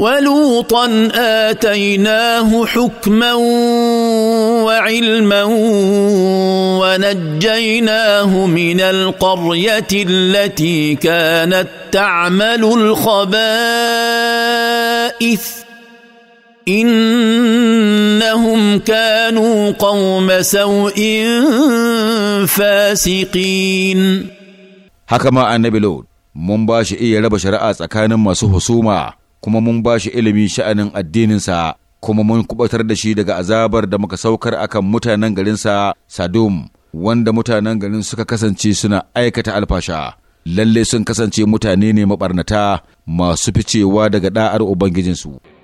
ولوطا اتيناه حكما وعلما ونجيناه من القريه التي كانت تعمل الخبائث انهم كانوا قوم سوء فاسقين حكما النبي لوط من باش iya raba shari'a tsakanin kuma mun ba shi ilimi sha'anin addininsa kuma mun kubatar da shi daga azabar da muka saukar akan mutanen garinsa Sadum wanda mutanen garin suka kasance suna aikata alfasha lalle sun kasance mutane ne mabarnata masu ficewa daga da'ar ubangijinsu